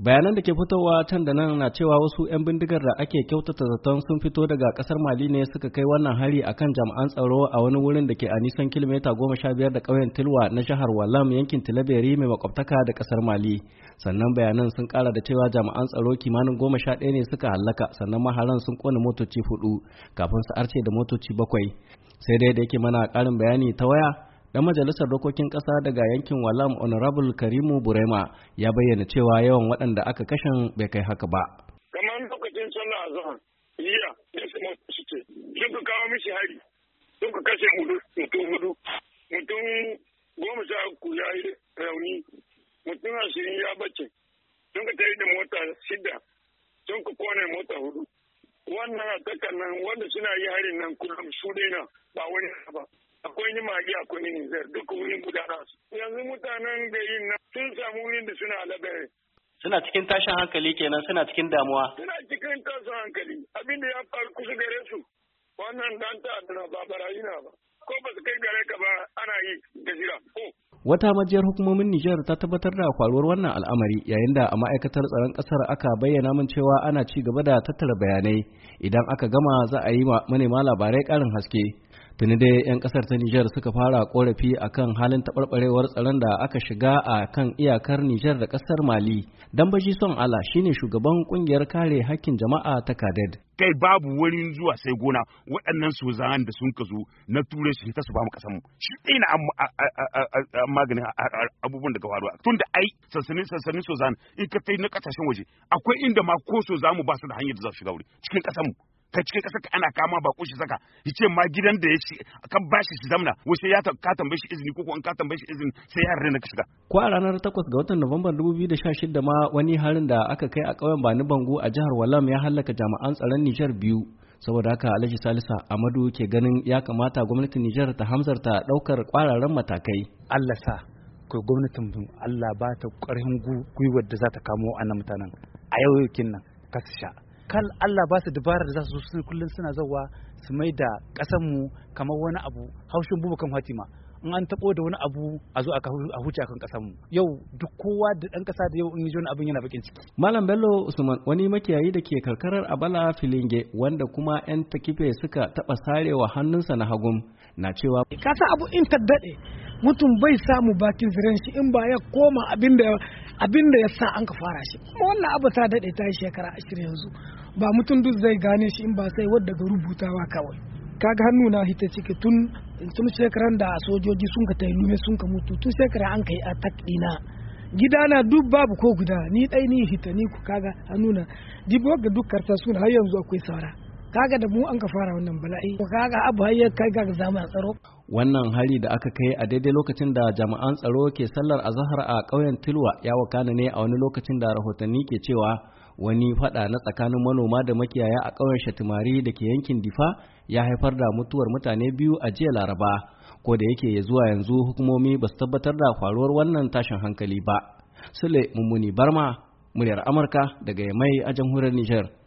bayanan da ke fitowa can da nan na cewa wasu 'yan bindigar da ake kyautata zaton sun fito daga kasar mali ne suka kai wannan hari akan jami'an tsaro a wani wurin da ke a nisan kilomita goma sha biyar da ƙauyen tilwa na jihar walam yankin tilaberi mai makwabtaka da kasar mali sannan bayanan sun kara da cewa jami'an tsaro kimanin goma sha ɗaya ne suka hallaka sannan maharan sun kone motoci hudu kafin su arce da motoci bakwai sai dai da yake mana ƙarin bayani ta waya dan majalisar dokokin ƙasa daga yankin walam honorable karimu burema ya bayyana cewa yawan waɗanda aka kashen bai kai haka ba kamar lokacin sallah azhar iya da su su ce sun ka kawo mishi hari sun ka kashe mutum hudu mutum goma sha uku ya yi rauni mutum ashirin ya bace sun ka yi da mota shida sun ka kone mota hudu nan wanda suna yi harin nan kullum su daina ba wani ba akwai ni magi akwai ni nizar duk wurin guda su yanzu mutanen da yin nan sun samu wurin da suna alagare suna cikin tashin hankali kenan suna cikin damuwa suna cikin tashin hankali abinda ya faru kusa gare su wannan dan ta ba barayi na ba ko ba su kai gare ka ba ana yi da jira ko wata majiyar hukumomin Nijar ta tabbatar da kwaruwar wannan al'amari yayin da a ma'aikatar tsaron kasar aka bayyana min cewa ana ci gaba da tattara bayanai idan aka gama za a yi manema labarai karin haske tuni dai 'yan kasar ta Nijar suka fara korafi a kan halin taɓarɓarewar tsaron da aka shiga a kan iyakar Nijar da kasar Mali. Dambashi son Allah shine shugaban ƙungiyar kare hakkin jama'a ta kadad Kai babu wurin zuwa sai gona waɗannan sozahan da sun kazo na ture shi ta su ba mu ƙasar mu. Shi ɗai na maganin abubuwan da faruwa. Tun da ai sansanin sansanin in ka na ƙasashen waje akwai inda ma ko sozahan mu ba su da hanyar da za su shiga wuri cikin ƙasar mu. ka cike kasar ana kama ba shi saka ya ce ma gidan da ya ci kan bashi shi zamna wace ya ka tambaye shi izini ko in ka tambaye shi izini sai ya rena ka shiga ko a ranar 8 ga watan Nuwamban 2016 ma wani harin da aka kai a ƙauyen Bani Bango a jihar Wallam ya hallaka jami'an tsaron Nijar biyu saboda haka Alhaji Salisa Amadu ke ganin ya kamata gwamnatin Nijar ta hamzarta daukar kwararan matakai Allah sa ko gwamnatin mu Allah ba ta ƙarfin gwiwar da za ta kamo a mutanen a yau yakin nan ka sha kan Allah ba su dabarar da za su zo suna kullum suna zawa su mai da ƙasar mu kamar wani abu haushin bubu kan Fatima in an taɓo da wani abu a zo a huce kan ƙasar mu yau duk kowa da ɗan ƙasa da yau in yi abin yana bakin ciki. Malam Bello Usman wani makiyayi da ke karkarar Abala Filinge wanda kuma 'yan takife suka taɓa sarewa hannunsa na hagum na cewa. Kasa abu in ta daɗe mutum bai samu bakin ziren shi in ba ya koma abin da abin da ya sa an ka fara shi kuma wannan abu ta daɗe ta yi shekara ashirin yanzu ba mutum duk zai gane shi in ba sai wadda ga rubuta rubutawa kawai kaga hannu na hita ciki tun shekaran da sojoji sun ka tai lume sun ka mutu tun shekara an kai attack dina gidana duk babu ko guda ni dai ni hita ni ku kaga hannu na dibo ga duk karta suna har yanzu akwai saura kaga da mu an ka fara wannan bala'i kaga abu har ya kai ga zama tsaro wannan hari da aka kai a daidai lokacin da jami'an tsaro ke sallar azahar a ƙauyen tilwa ya wakana ne a wani lokacin da rahotanni ke cewa wani fada na tsakanin manoma da makiyaya a ƙauyen shatimari da ke yankin difa ya haifar da mutuwar mutane biyu a jiya laraba ko da yake ya zuwa yanzu hukumomi ba su tabbatar da faruwar wannan tashin hankali ba sule mummuni barma muryar amurka daga mai a jamhuriyar Nijar.